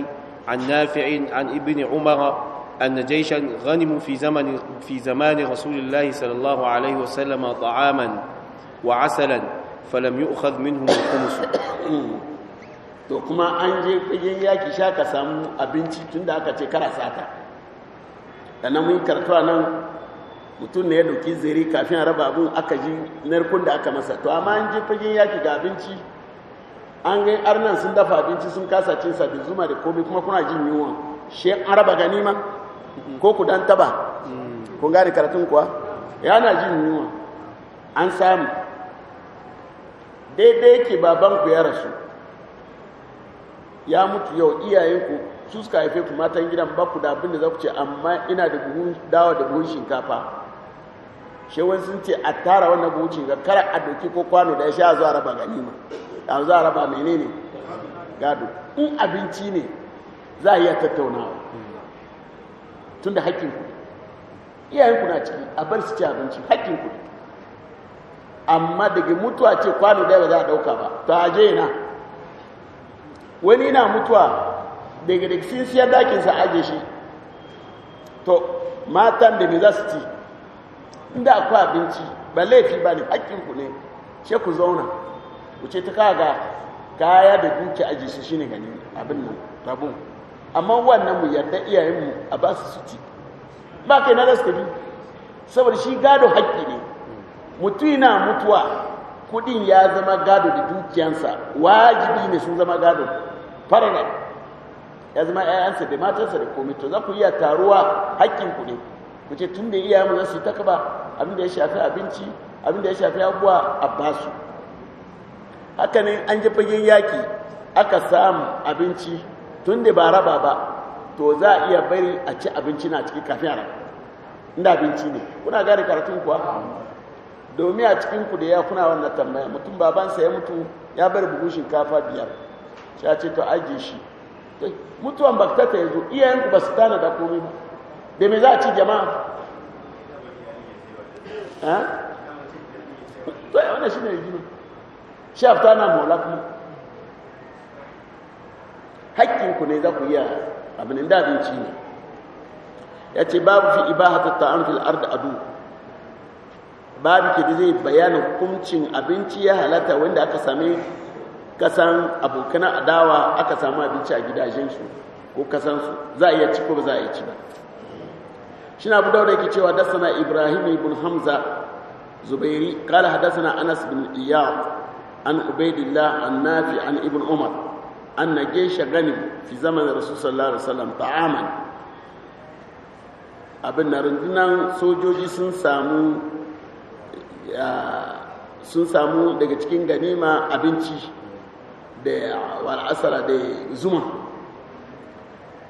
عن نافع عن ابن عمر أن جيشا غنموا في زمن في زمان رسول الله صلى الله عليه وسلم طعاما وعسلا فلم يؤخذ منهم الخمس to kuma an je fagen yaki sha ka samu abinci tunda aka ce kara sata da na mun karatu a nan mutum ne ya dauki zere kafin a raba abin aka ji narkun da aka masa to amma an ji fagen yaki ga abinci an ga arnan sun dafa abinci sun kasa cin sabbin zuma da komai kuma kuna jin yunwa shi an raba ganima ko ku dan taba kun gane karatun kuwa yana jin yunwa an samu daidai ke baban ku ya rasu ya mutu yau iyayenku su suka haife ku matan gidan ba ku da abin da za ku ce amma ina da buhun dawa da buhun shinkafa shewan sun ce a tara wannan buhun shinkafa kara a doki ko kwano da ya sha zuwa raba ganima da zuwa raba menene gado in abinci ne za a iya tattaunawa tun da hakkin ku iyayen ku na ciki a bar su ci abinci haƙƙin ku amma daga mutuwa ce kwano da ba za a dauka ba to a je na wani na mutuwa daga daga sun siya dakin sa aje shi to matan da me za su ci inda akwai abinci ba laifi ba ne hakkinku ne she ku zauna Wuce ta kaga kaya da duki aje shi shine gani abin nan rabon amma wannan mu yarda iyayenmu a ba su su ci ba kai na za su saboda shi gado hakki ne mutum yana mutuwa kudin ya zama gado da dukiyansa wajibi ne sun zama gado fara ya zama ƴaƴansa da matarsa da komai to za ku iya taruwa hakkin ku ne ku ce tun da iyayenmu za su yi takaba abin da ya shafi abinci abin da ya shafi abuwa a basu haka ne an ji fagen yaki aka samu abinci tun da ba raba ba to za a iya bari a ci abinci na cikin kafin a raba inda abinci ne kuna gane karatun kuwa domin a cikin ku da ya kuna wannan tambaya mutum babansa ya mutu ya bar bugun shinkafa biyar sai a ce to ajiye shi mutuwan ta yanzu iya iyayenku ba su tana da komi ba da me za a ci jama'a ha? to yi wane shi ne yi shaf tana mola kuma hakkinku ne za ku yi abin da abinci ne ya ce babu fi ibahatu ta'an fil ard adu babu ke da zai bayanin hukuncin abinci ya halatta wanda aka same kasan abokan adawa aka samu abinci a gidajensu ko kasansu za a iya ci ko za a iya ci ba shi na abu daura yake cewa dasana ibrahim ibn hamza zubairi kala hadasana anas bin iyad an ubaidillah an nafi an ibn umar an nage gani fi zaman rasul sallallahu alaihi wasallam ta'aman abin na rundunan sojoji sun samu sun samu daga cikin ganima abinci da wal'asara da zuma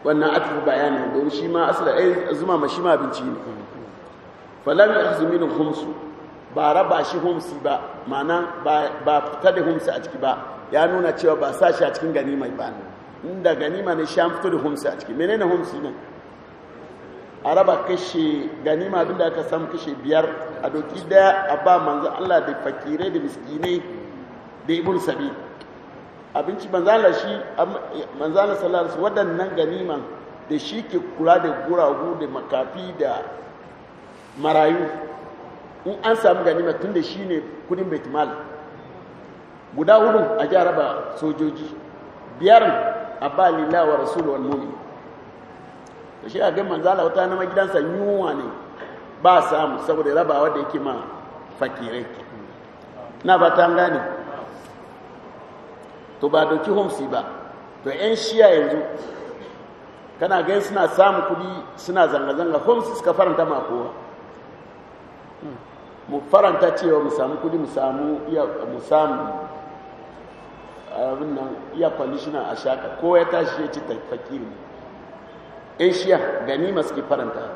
wannan aka bayanin don shi ma asala ɗaya eh, zuma ma shi ma abinci ne falami a zuminin humsu ba raba shi humsi ba mana ba fita da humsi a ciki ba ya nuna cewa ba sa shi a cikin gani mai ba inda gani ma ne shi an fito da humsi a ciki menene humsi ne a raba kashe ganima abinda aka samu kashe biyar a doki daya a ba manzo Allah da fakirai da miskinai da ibul sabi abinci manzala shi manzala salaris waɗannan ganiman da shi ke kula da guragu da makafi da marayu in an samu ganima tun da shi ne kudin betimal guda hudu a jaraba sojoji biyar a ba lillahi wa rasulu wal shi a gama manzala wata na gidansa yunwa ne ba samu saboda rabawa da yake ma fakirai na ba ta to ba doki homsi ba to 'yan shiya yanzu kana gani suna samun kudi suna zanga-zanga homsi suka faranta ma kowa mu faranta cewa mu samu kudi mu samu iya mu samu abin nan iya kwalishina a shaka ko ya tashi ya ci fakiri 'yan shiya ganima suke faranta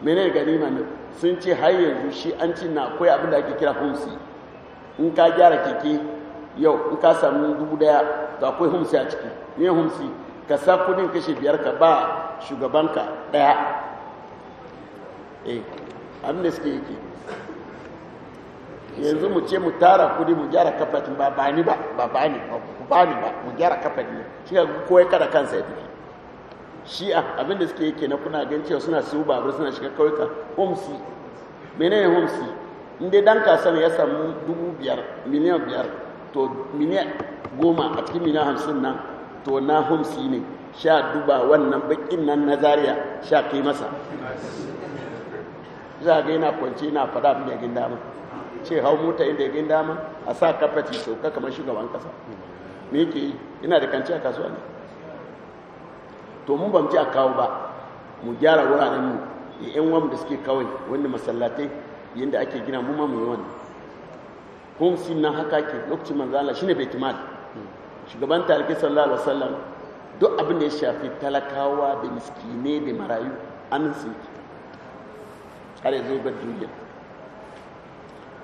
mene ganima ne sun ce har yanzu shi an ci na akwai abin da ake kira homsi in ka gyara keke yau in ka samu dubu daya to akwai humsi a ciki ne humsi ka sa kudin kashe biyar ka ba shugabanka daya eh abin da suke yake yanzu mu ce mu tara kudi mu gyara kafatin ba ba ni ba ba ba ni ba ku ba ni ba mu gyara kafatin shi ga koyi kada kansa ya tafi shi a, abin da suke yake na kuna gan cewa suna siyo babur suna shiga kauyuka humsi, menene humsi in dai dan kasar ya samu dubu biyar miliyan biyar to miliyan goma a cikin miliyan hamsin nan to na hamsi ne sha duba wannan bakin nan na zariya sha ke masa za ga yana kwance yana fada abin yagin dama ce hau mota inda yagin dama a sa kafaci ka kamar shugaban kasa me ke yi ina da kanci a kasuwa ne to mun bamci a kawo ba mu gyara wuraren mu yan wani da suke kawai wani masallatai yadda ake gina mu ma mu yi wannan homsin nan haka ke lokacin manzala shine baitimal shugaban talibai sallallahu alaihi wasallam duk abin da ya shafi talakawa da miskine da marayu an sun ki har yanzu bar duniya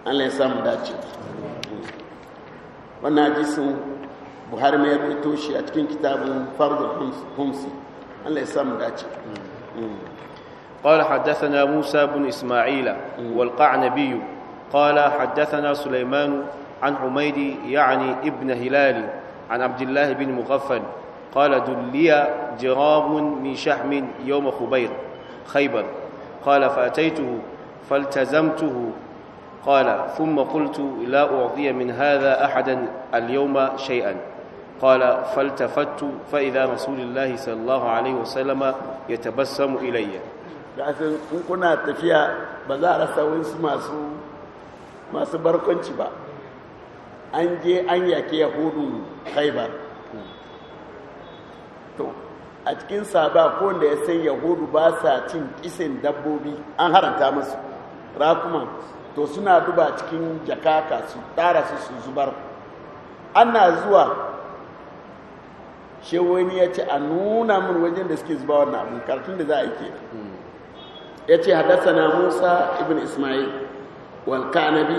Allah ya samu dace wannan hadisin buhari mai rubuto shi a cikin kitabun fardul humsi Allah ya samu dace قال حدثنا موسى بن إسماعيل والقعنبي قال حدثنا سليمان عن عميد يعني ابن هلال عن عبد الله بن مغفل قال دلي جراب من شحم يوم خبير خيبر قال فأتيته فالتزمته قال ثم قلت لا أعطي من هذا أحدا اليوم شيئا قال فالتفت فإذا رسول الله صلى الله عليه وسلم يتبسم إلي كنا تفيا بزار سوين سماسو masu barkwanci ba an je an yake yahudun haibar to a cikin saba ko da ya san yahudu ba sa cin kisin dabbobi an haranta masu rakuma to suna duba cikin jakaka su tara su su zubar ana zuwa shewani ya ce a nuna min wajen da suke zuba wannan abin karfin da za a yi ya ce haddasa na musa ibn ismail walkanabi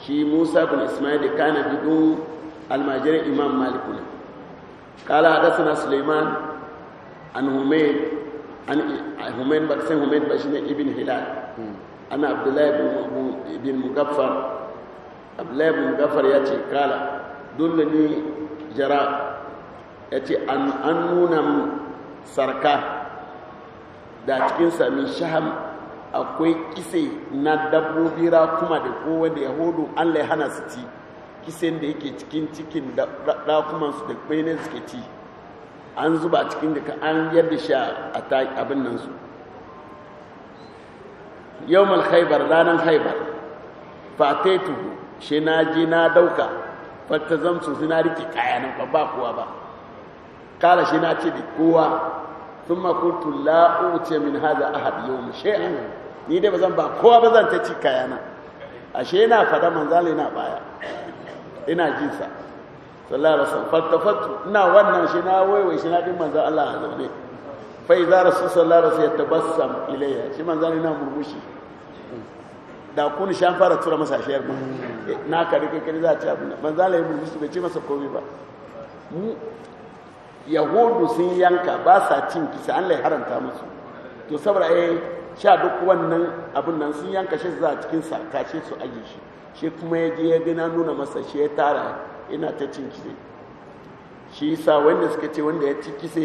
shi musa bin ismail da kanabi don almajirin imam maliku ne kala hadasana suleiman an humaid an humaid ba sai humaid ba shine ibn hilal ana abdullahi bin mugaffar abdullahi bin mugaffar ya ce kala dole ne jara ya ce an nuna sarka da cikin sami shaham akwai kise na dabbobi ra kuma da da ya yahudu allah ya hana su ci kisen da yake cikin cikin rakuman su da su suke ci an zuba cikin da an yadda shi a abin nan su mal haibar ranar haibar fataituhu shi na ji na dauka fata zamsu suna rike kayanan ba kowa ba kala shi na ce da kowa thumma qultu la uti min hadha ahad yawm shay'an ni dai bazan ba kowa bazan ta ci kayana ashe yana fada manzala na baya ina jin sa sallallahu alaihi wasallam fattafattu ina wannan shi na waiwai shi na din manzo Allah a zaune fa idza rasul sallallahu alaihi wasallam tabassam ilayya shi manzala na murmushi da kun shan fara tura masa shayar ba eh, na ka rike kiri za a ci abu ya murmushi bai ce masa komai ba yahudu sun yanka ba sa cin kisa an lai haranta musu to saboda eh sha duk wannan abin nan sun yanka shi za a cikin sa su aje shi shi kuma ya je ya gina nuna masa shi ya tara ina ta cin kisa shi sa wanda suka ce wanda ya ci kisa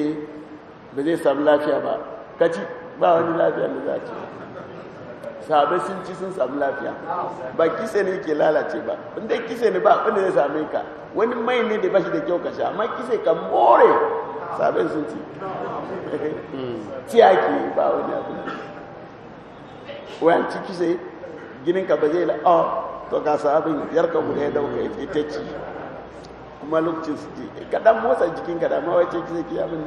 ba zai samu lafiya ba kaci ba wani lafiya da za a ci sahabai sun ci sun samu lafiya ba kise ne ke lalace ba inda kise ne ba abinda zai same ka wani mai ne da bashi da kyau ka sha amma kise ka more sahabai sun ci [laughs] ci ake ba wani abu wayan ci kise ginin ka ba zai la oh to ka sahabin yarka guda ya dauka ta ci kuma lokacin su ji eh, kadan motsa jikin ka da ma wace kise ki abin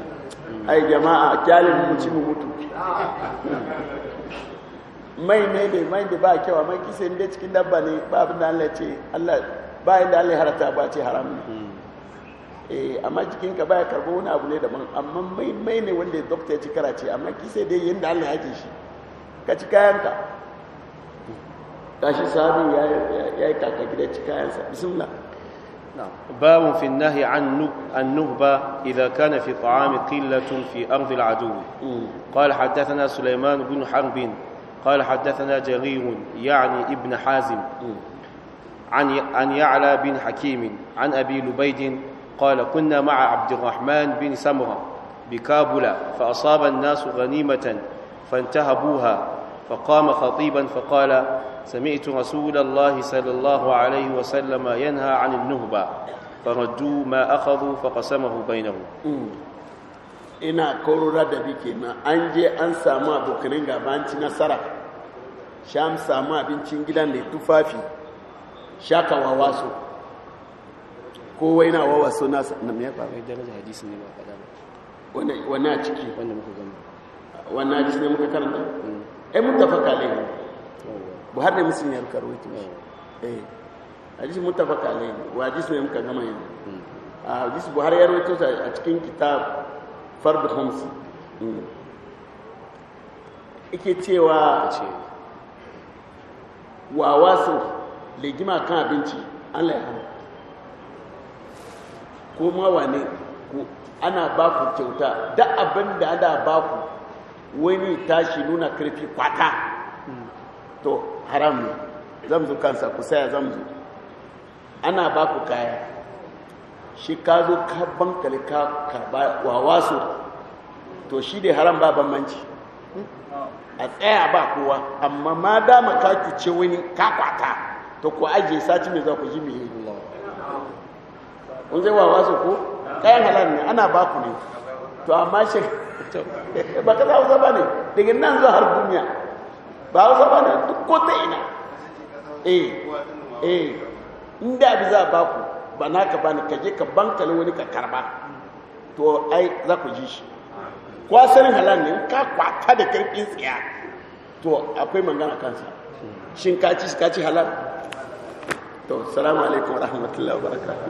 ai jama'a kyalin mu ci mu mutu [laughs] mai ne ne mai da ba kyawa mai kisa inda cikin dabba ne ba abin da Allah ce Allah ba inda Allah harata ba ce haram ne hmm. eh amma cikin ka baya karbo wani abu ne daban amma mai mai ne wanda doctor ya ci kara ce amma kisa dai yanda Allah ya shi ka ci kayan ka kashi sahabi ya ya kaka gida ci kayan sa bismillah باب في النهي عن النهبة إذا كان في طعام قلة في أرض العدو قال حدثنا سليمان بن حرب قال حدثنا جرير يعني ابن حازم عن عن يعلى بن حكيم عن أبي لبيد قال كنا مع عبد الرحمن بن سمرة بكابلة فأصاب الناس غنيمة فانتهبوها فقام خطيبا فقال سمعت رسول الله صلى الله عليه وسلم ينهى عن النهبة فردوا ما أخذوا فقسمه بينهم ina korora da bike na an je an samu abokanin gaba an ci nasara sham samu abincin gidan da tufafi shaka waso kowa yana wawaso nasa na mai faru wai daraja hadisi ne ba kada ba wani a ciki wanda muka gani wani hadisi ne muka karanta ai hmm. eh, mutafaka alaihi buhari da musulmi ya karwaito shi eh hadisi mutafaka alaihi wa hadisi ne muka gama yanzu hmm. a hadisi buhari ya rawaito a cikin kitab fardu khamsi hmm. yake cewa su legima kan abinci allah ya hana ko ma wa ne ana ba ku kyauta da abin da ana ba ku wani tashi nuna karfi kwata to haram ne zamzu kansa ku saya zamzu ana ba ku kaya shi ka zo ka bankali ka karba su to shi dai haram ba banmanci a tsaya ba kowa amma ma dama ka cuce wani ka kwata to ku aje sati mai za ku ji mai kun zai wawa su ko kayan halal ne ana ba ku ne to amma shi ba ka hausa ba ne daga nan zuwa har duniya ba hausa ba ne duk ko ta ina eh eh inda bi za ba ku ba naka ba ne ka je ka bankali wani ka karba to ai za ku ji shi kwasarin halal ne ka kwata da karfin tsaya to akwai mangana kansa shin ka ci ka ci halal to salamu alaikum rahmatullahi wa barakatuh